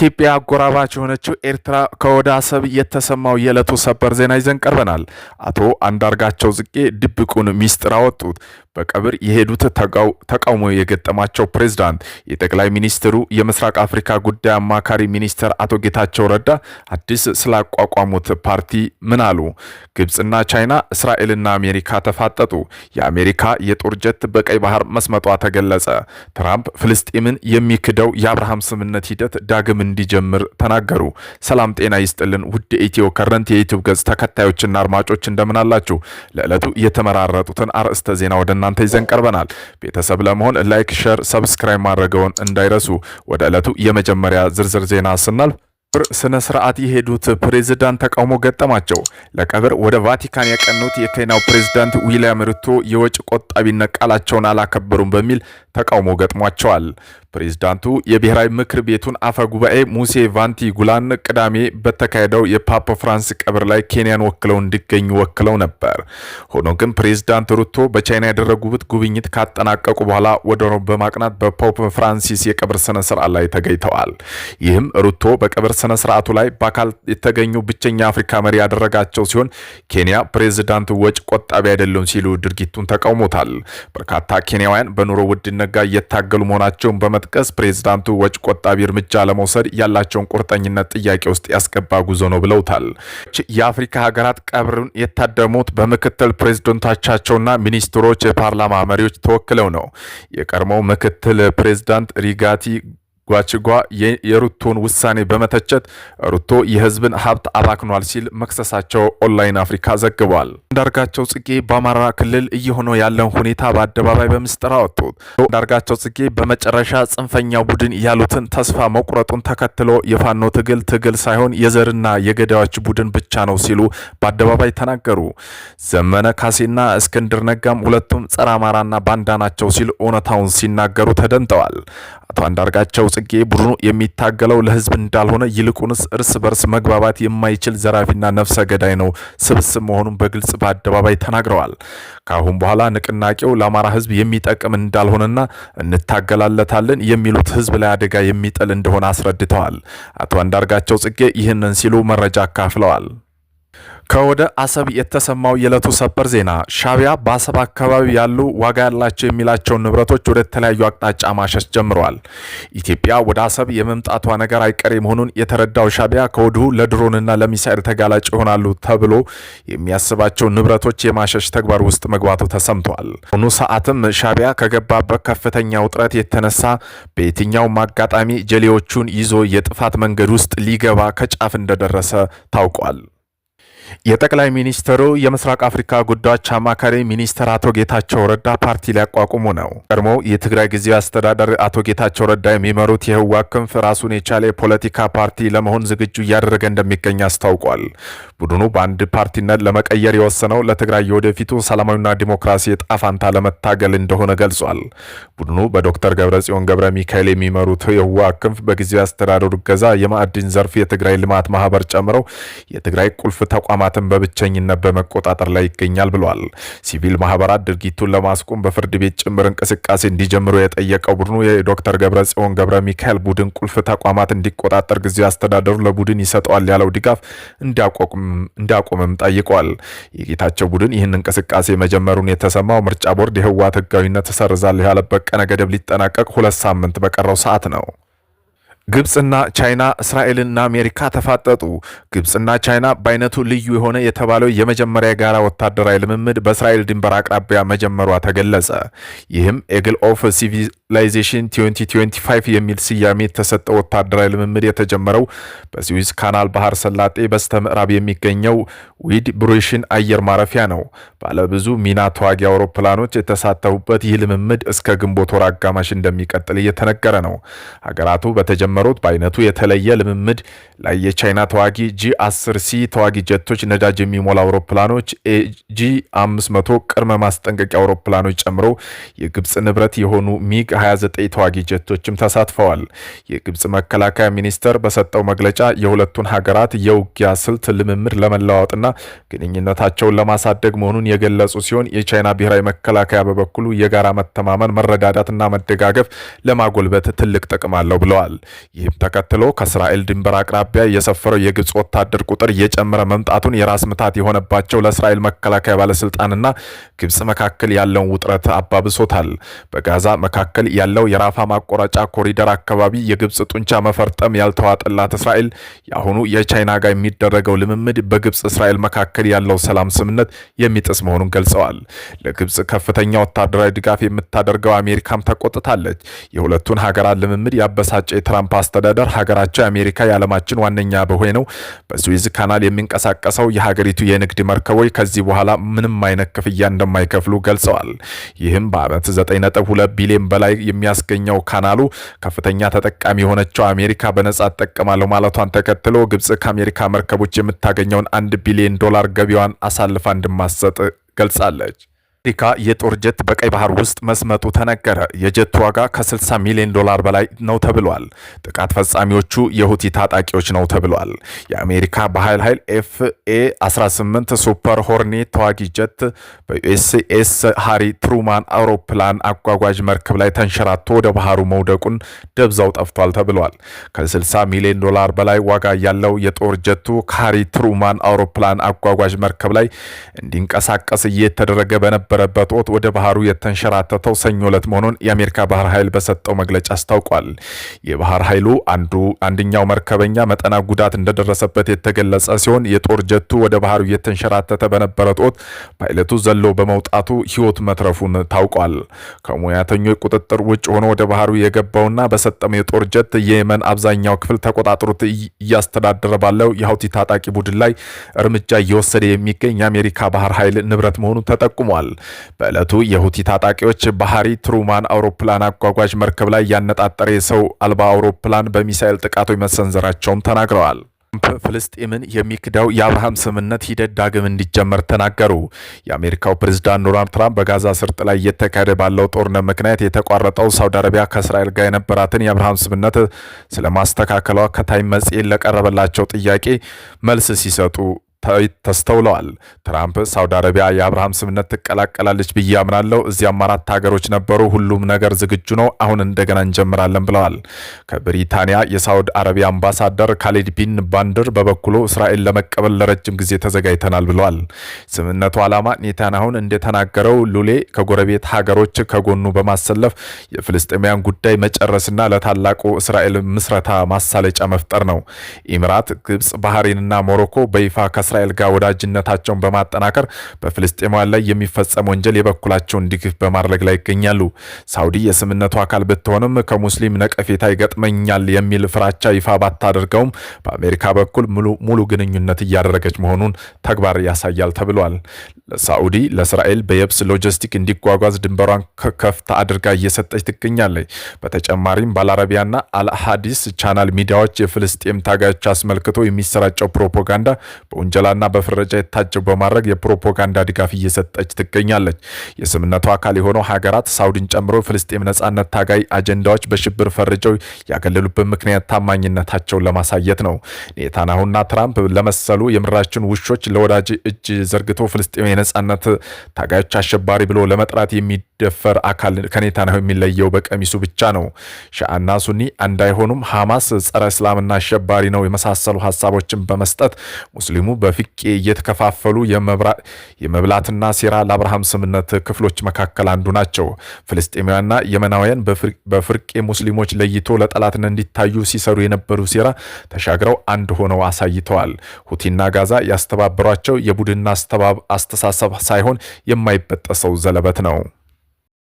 ኢትዮጵያ አጎራባች የሆነችው ኤርትራ ከወደ አሰብ የተሰማው የዕለቱ ሰበር ዜና ይዘን ቀርበናል። አቶ አንዳርጋቸው ጽጌ ድብቁን ሚስጥር አወጡት። በቀብር የሄዱት ተቃውሞ የገጠማቸው ፕሬዝዳንት የጠቅላይ ሚኒስትሩ የምስራቅ አፍሪካ ጉዳይ አማካሪ ሚኒስትር አቶ ጌታቸው ረዳ አዲስ ስላቋቋሙት ፓርቲ ምን አሉ? ግብፅና ቻይና፣ እስራኤልና አሜሪካ ተፋጠጡ። የአሜሪካ የጦር ጀት በቀይ ባህር መስመጧ ተገለጸ። ትራምፕ ፍልስጤምን የሚክደው የአብርሃም ስምምነት ሂደት ዳግም እንዲጀምር ተናገሩ። ሰላም ጤና ይስጥልን ውድ ኢትዮ ከረንት የዩቲዩብ ገጽ ተከታዮችና አድማጮች እንደምን አላችሁ? ለዕለቱ የተመራረጡትን አርዕስተ ዜና ወደ እናንተ ይዘን ቀርበናል። ቤተሰብ ለመሆን ላይክ፣ ሸር፣ ሰብስክራይብ ማድረገውን እንዳይረሱ። ወደ ዕለቱ የመጀመሪያ ዝርዝር ዜና ስናልፍ ቀብር ስነ ስርዓት የሄዱት ፕሬዝዳንት ተቃውሞ ገጠማቸው። ለቀብር ወደ ቫቲካን ያቀኑት የኬንያው ፕሬዝዳንት ዊልያም ሩቶ የወጭ ቆጣቢነት ቃላቸውን አላከበሩም በሚል ተቃውሞ ገጥሟቸዋል። ፕሬዝዳንቱ የብሔራዊ ምክር ቤቱን አፈ ጉባኤ ሙሴ ቫንቲ ጉላን ቅዳሜ በተካሄደው የፓፕ ፍራንስ ቀብር ላይ ኬንያን ወክለው እንዲገኙ ወክለው ነበር። ሆኖ ግን ፕሬዝዳንት ሩቶ በቻይና ያደረጉት ጉብኝት ካጠናቀቁ በኋላ ወደ ሮም በማቅናት በፖፕ ፍራንሲስ የቀብር ስነ ስርዓት ላይ ተገኝተዋል። ይህም ሩቶ በቀብር ስነ ስርዓቱ ላይ በአካል የተገኙ ብቸኛ አፍሪካ መሪ ያደረጋቸው ሲሆን ኬንያ ፕሬዝዳንቱ ወጪ ቆጣቢ አይደለም ሲሉ ድርጊቱን ተቃውሞታል። በርካታ ኬንያውያን በኑሮ ውድነት ነጋ እየታገሉ መሆናቸውን በመጥቀስ ፕሬዝዳንቱ ወጭ ቆጣቢ እርምጃ ለመውሰድ ያላቸውን ቁርጠኝነት ጥያቄ ውስጥ ያስገባ ጉዞ ነው ብለውታል። የአፍሪካ ሀገራት ቀብርን የታደሙት በምክትል ፕሬዝደንቶቻቸውና ሚኒስትሮች፣ የፓርላማ መሪዎች ተወክለው ነው። የቀድሞው ምክትል ፕሬዝዳንት ሪጋቲ ጓችጓ የሩቶን ውሳኔ በመተቸት ሩቶ የህዝብን ሀብት አባክኗል ሲል መክሰሳቸው ኦንላይን አፍሪካ ዘግቧል። አንዳርጋቸው ጽጌ በአማራ ክልል እየሆነ ያለውን ሁኔታ በአደባባይ በምስጢር አወጡት። አንዳርጋቸው ጽጌ በመጨረሻ ጽንፈኛ ቡድን ያሉትን ተስፋ መቁረጡን ተከትሎ የፋኖ ትግል ትግል ሳይሆን የዘርና የገዳዮች ቡድን ብቻ ነው ሲሉ በአደባባይ ተናገሩ። ዘመነ ካሴና እስክንድር ነጋም ሁለቱም ጸረ አማራና ባንዳ ናቸው ሲል እውነታውን ሲናገሩ ተደምጠዋል። አቶ አንዳርጋቸው ጽጌ ቡድኑ የሚታገለው ለህዝብ እንዳልሆነ ይልቁንስ እርስ በርስ መግባባት የማይችል ዘራፊና ነፍሰ ገዳይ ነው ስብስብ መሆኑን በግልጽ በአደባባይ ተናግረዋል። ከአሁን በኋላ ንቅናቄው ለአማራ ህዝብ የሚጠቅም እንዳልሆነና እንታገላለታለን የሚሉት ህዝብ ላይ አደጋ የሚጥል እንደሆነ አስረድተዋል። አቶ አንዳርጋቸው ጽጌ ይህንን ሲሉ መረጃ አካፍለዋል። ከወደ አሰብ የተሰማው የዕለቱ ሰበር ዜና ሻቢያ በአሰብ አካባቢ ያሉ ዋጋ ያላቸው የሚላቸውን ንብረቶች ወደ ተለያዩ አቅጣጫ ማሸሽ ጀምረዋል። ኢትዮጵያ ወደ አሰብ የመምጣቷ ነገር አይቀሬ መሆኑን የተረዳው ሻቢያ ከወዲሁ ለድሮንና ለሚሳኤል ተጋላጭ ይሆናሉ ተብሎ የሚያስባቸው ንብረቶች የማሸሽ ተግባር ውስጥ መግባቱ ተሰምቷል። አሁኑ ሰዓትም ሻቢያ ከገባበት ከፍተኛ ውጥረት የተነሳ በየትኛውም አጋጣሚ ጀሌዎቹን ይዞ የጥፋት መንገድ ውስጥ ሊገባ ከጫፍ እንደደረሰ ታውቋል። የጠቅላይ ሚኒስትሩ የምስራቅ አፍሪካ ጉዳዮች አማካሪ ሚኒስትር አቶ ጌታቸው ረዳ ፓርቲ ሊያቋቁሙ ነው። ቀድሞ የትግራይ ጊዜያዊ አስተዳደር አቶ ጌታቸው ረዳ የሚመሩት የህወሓት ክንፍ ራሱን የቻለ የፖለቲካ ፓርቲ ለመሆን ዝግጁ እያደረገ እንደሚገኝ አስታውቋል። ቡድኑ በአንድ ፓርቲነት ለመቀየር የወሰነው ለትግራይ የወደፊቱ ሰላማዊና ዲሞክራሲ ጣፋንታ ለመታገል እንደሆነ ገልጿል። ቡድኑ በዶክተር ገብረጽዮን ገብረ ሚካኤል የሚመሩት የህወሓት ክንፍ በጊዜያዊ አስተዳደሩ እገዛ የማዕድን ዘርፍ፣ የትግራይ ልማት ማህበር ጨምረው የትግራይ ቁልፍ ተቋም ተቋማትን በብቸኝነት በመቆጣጠር ላይ ይገኛል ብሏል። ሲቪል ማህበራት ድርጊቱን ለማስቆም በፍርድ ቤት ጭምር እንቅስቃሴ እንዲጀምሩ የጠየቀው ቡድኑ የዶክተር ገብረ ጽዮን ገብረ ሚካኤል ቡድን ቁልፍ ተቋማት እንዲቆጣጠር ጊዜ አስተዳደሩ ለቡድን ይሰጠዋል ያለው ድጋፍ እንዲያቆምም ጠይቋል። የጌታቸው ቡድን ይህን እንቅስቃሴ መጀመሩን የተሰማው ምርጫ ቦርድ የህወሓት ህጋዊነት ተሰርዛል ያለበት ቀነ ገደብ ሊጠናቀቅ ሁለት ሳምንት በቀረው ሰዓት ነው። ግብፅና ቻይና እስራኤልና አሜሪካ ተፋጠጡ። ግብፅና ቻይና በአይነቱ ልዩ የሆነ የተባለው የመጀመሪያ የጋራ ወታደራዊ ልምምድ በእስራኤል ድንበር አቅራቢያ መጀመሯ ተገለጸ። ይህም ኤግል ኦፍ ሲቪላይዜሽን 2025 የሚል ስያሜ የተሰጠው ወታደራዊ ልምምድ የተጀመረው በስዊዝ ካናል ባህር ሰላጤ በስተ ምዕራብ የሚገኘው ዊድ ብሩሽን አየር ማረፊያ ነው። ባለብዙ ሚና ተዋጊ አውሮፕላኖች የተሳተፉበት ይህ ልምምድ እስከ ግንቦት ወር አጋማሽ እንደሚቀጥል እየተነገረ ነው። ሀገራቱ በተጀ የጀመሩት በአይነቱ የተለየ ልምምድ ላይ የቻይና ተዋጊ ጂ 10 ሲ ተዋጊ ጀቶች፣ ነዳጅ የሚሞላ አውሮፕላኖች፣ ጂ 500 ቅድመ ማስጠንቀቂያ አውሮፕላኖች ጨምሮ የግብፅ ንብረት የሆኑ ሚግ 29 ተዋጊ ጀቶችም ተሳትፈዋል። የግብፅ መከላከያ ሚኒስቴር በሰጠው መግለጫ የሁለቱን ሀገራት የውጊያ ስልት ልምምድ ለመለዋወጥና ግንኙነታቸውን ለማሳደግ መሆኑን የገለጹ ሲሆን የቻይና ብሔራዊ መከላከያ በበኩሉ የጋራ መተማመን መረዳዳትና መደጋገፍ ለማጎልበት ትልቅ ጥቅም አለው ብለዋል። ይህም ተከትሎ ከእስራኤል ድንበር አቅራቢያ የሰፈረው የግብፅ ወታደር ቁጥር እየጨመረ መምጣቱን የራስ ምታት የሆነባቸው ለእስራኤል መከላከያ ባለስልጣንና ግብፅ መካከል ያለውን ውጥረት አባብሶታል። በጋዛ መካከል ያለው የራፋ ማቆራጫ ኮሪደር አካባቢ የግብፅ ጡንቻ መፈርጠም ያልተዋጠላት እስራኤል የአሁኑ የቻይና ጋር የሚደረገው ልምምድ በግብፅ እስራኤል መካከል ያለው ሰላም ስምነት የሚጥስ መሆኑን ገልጸዋል። ለግብፅ ከፍተኛ ወታደራዊ ድጋፍ የምታደርገው አሜሪካም ተቆጥታለች። የሁለቱን ሀገራት ልምምድ ያበሳጨ የትራምፕ የትራምፕ አስተዳደር ሀገራቸው የአሜሪካ የዓለማችን ዋነኛ በሆይ ነው በስዊዝ ካናል የሚንቀሳቀሰው የሀገሪቱ የንግድ መርከቦች ከዚህ በኋላ ምንም አይነት ክፍያ እንደማይከፍሉ ገልጸዋል። ይህም በዓመት 9.2 ቢሊዮን በላይ የሚያስገኘው ካናሉ ከፍተኛ ተጠቃሚ የሆነችው አሜሪካ በነጻ ጠቀማለ ማለቷን ተከትሎ ግብፅ ከአሜሪካ መርከቦች የምታገኘውን አንድ ቢሊዮን ዶላር ገቢዋን አሳልፋ እንደማትሰጥ ገልጻለች። አሜሪካ የጦር ጀት በቀይ ባህር ውስጥ መስመጡ ተነገረ። የጀቱ ዋጋ ከ60 ሚሊዮን ዶላር በላይ ነው ተብሏል። ጥቃት ፈጻሚዎቹ የሁቲ ታጣቂዎች ነው ተብሏል። የአሜሪካ በኃይል ኃይል ኤፍኤ 18 ሱፐር ሆርኔት ተዋጊ ጀት በዩኤስኤስ ሃሪ ትሩማን አውሮፕላን አጓጓዥ መርከብ ላይ ተንሸራቶ ወደ ባህሩ መውደቁን ደብዛው ጠፍቷል ተብሏል። ከ60 ሚሊዮን ዶላር በላይ ዋጋ ያለው የጦር ጀቱ ከሃሪ ትሩማን አውሮፕላን አጓጓዥ መርከብ ላይ እንዲንቀሳቀስ እየተደረገ በነበ የነበረበት ወጥ ወደ ባህሩ የተንሸራተተው ሰኞ ዕለት መሆኑን የአሜሪካ ባህር ኃይል በሰጠው መግለጫ አስታውቋል። የባህር ኃይሉ አንዱ አንደኛው መርከበኛ መጠና ጉዳት እንደደረሰበት የተገለጸ ሲሆን የጦር ጀቱ ወደ ባህሩ እየተንሸራተተ በነበረት ወቅት ፓይለቱ ዘሎ በመውጣቱ ሕይወት መትረፉን ታውቋል። ከሙያተኞች ቁጥጥር ውጭ ሆኖ ወደ ባህሩ የገባውና በሰጠመው የጦር ጀት የየመን አብዛኛው ክፍል ተቆጣጥሮት እያስተዳደረ ባለው የሀውቲ ታጣቂ ቡድን ላይ እርምጃ እየወሰደ የሚገኝ የአሜሪካ ባህር ኃይል ንብረት መሆኑን ተጠቁሟል። በዕለቱ የሁቲ ታጣቂዎች ባህሪ ትሩማን አውሮፕላን አጓጓዥ መርከብ ላይ ያነጣጠረ የሰው አልባ አውሮፕላን በሚሳኤል ጥቃቶች መሰንዘራቸውን ተናግረዋል። ትራምፕ ፍልስጤምን የሚክዳው የአብርሃም ስምምነት ሂደት ዳግም እንዲጀመር ተናገሩ። የአሜሪካው ፕሬዝዳንት ዶናልድ ትራምፕ በጋዛ ስርጥ ላይ እየተካሄደ ባለው ጦርነት ምክንያት የተቋረጠው ሳውዲ አረቢያ ከእስራኤል ጋር የነበራትን የአብርሃም ስምምነት ስለማስተካከሏ ከታይም መጽሔት ለቀረበላቸው ጥያቄ መልስ ሲሰጡ ተስተውለዋል። ትራምፕ ሳውዲ አረቢያ የአብርሃም ስምነት ትቀላቀላለች ብዬ አምናለሁ። እዚያም አራት ሀገሮች ነበሩ። ሁሉም ነገር ዝግጁ ነው። አሁን እንደገና እንጀምራለን ብለዋል። ከብሪታንያ የሳውዲ አረቢያ አምባሳደር ካሊድ ቢን ባንድር በበኩሉ እስራኤል ለመቀበል ለረጅም ጊዜ ተዘጋጅተናል ብለዋል። ስምነቱ ዓላማ ኔታንያሁን እንደተናገረው ሉሌ ከጎረቤት ሀገሮች ከጎኑ በማሰለፍ የፍልስጤማውያን ጉዳይ መጨረስና ለታላቁ እስራኤል ምስረታ ማሳለጫ መፍጠር ነው። ኢምራት፣ ግብፅ፣ ባህሬንና ሞሮኮ በይፋ ከእስራኤል ጋር ወዳጅነታቸውን በማጠናከር በፍልስጤማውያን ላይ የሚፈጸም ወንጀል የበኩላቸውን ድግፍ በማድረግ ላይ ይገኛሉ። ሳውዲ የስምነቱ አካል ብትሆንም ከሙስሊም ነቀፌታ ይገጥመኛል የሚል ፍራቻ ይፋ ባታደርገውም በአሜሪካ በኩል ሙሉ ግንኙነት እያደረገች መሆኑን ተግባር ያሳያል ተብሏል። ሳዑዲ ለእስራኤል በየብስ ሎጂስቲክ እንዲጓጓዝ ድንበሯን ከፍታ አድርጋ እየሰጠች ትገኛለች። በተጨማሪም ባልአረቢያና አልሀዲስ ቻናል ሚዲያዎች የፍልስጤም ታጋዮች አስመልክቶ የሚሰራጨው ፕሮፓጋንዳ በወንጀል በውንጀላና በፍረጃ የታጀው በማድረግ የፕሮፓጋንዳ ድጋፍ እየሰጠች ትገኛለች። የስምነቱ አካል የሆነው ሀገራት ሳውዲን ጨምሮ ፍልስጤም ነጻነት ታጋይ አጀንዳዎች በሽብር ፈርጀው ያገለሉበት ምክንያት ታማኝነታቸውን ለማሳየት ነው። ኔታንያሁና ትራምፕ ለመሰሉ የምድራችን ውሾች ለወዳጅ እጅ ዘርግቶ ፍልስጤም የነጻነት ታጋዮች አሸባሪ ብሎ ለመጥራት የሚደፈር አካል ከኔታንያሁ የሚለየው በቀሚሱ ብቻ ነው። ሻአና ሱኒ አንድ አይሆኑም፣ ሐማስ ጸረ እስላምና አሸባሪ ነው የመሳሰሉ ሀሳቦችን በመስጠት ሙስሊሙ በፍቄ እየተከፋፈሉ የመብላትና ሴራ ለአብርሃም ስምነት ክፍሎች መካከል አንዱ ናቸው። ፍልስጤማውያንና የመናውያን በፍርቄ ሙስሊሞች ለይቶ ለጠላትን እንዲታዩ ሲሰሩ የነበሩ ሴራ ተሻግረው አንድ ሆነው አሳይተዋል። ሁቲና ጋዛ ያስተባበሯቸው የቡድንና አስተሳሰብ ሳይሆን የማይበጠሰው ዘለበት ነው።